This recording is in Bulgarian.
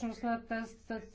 на общностната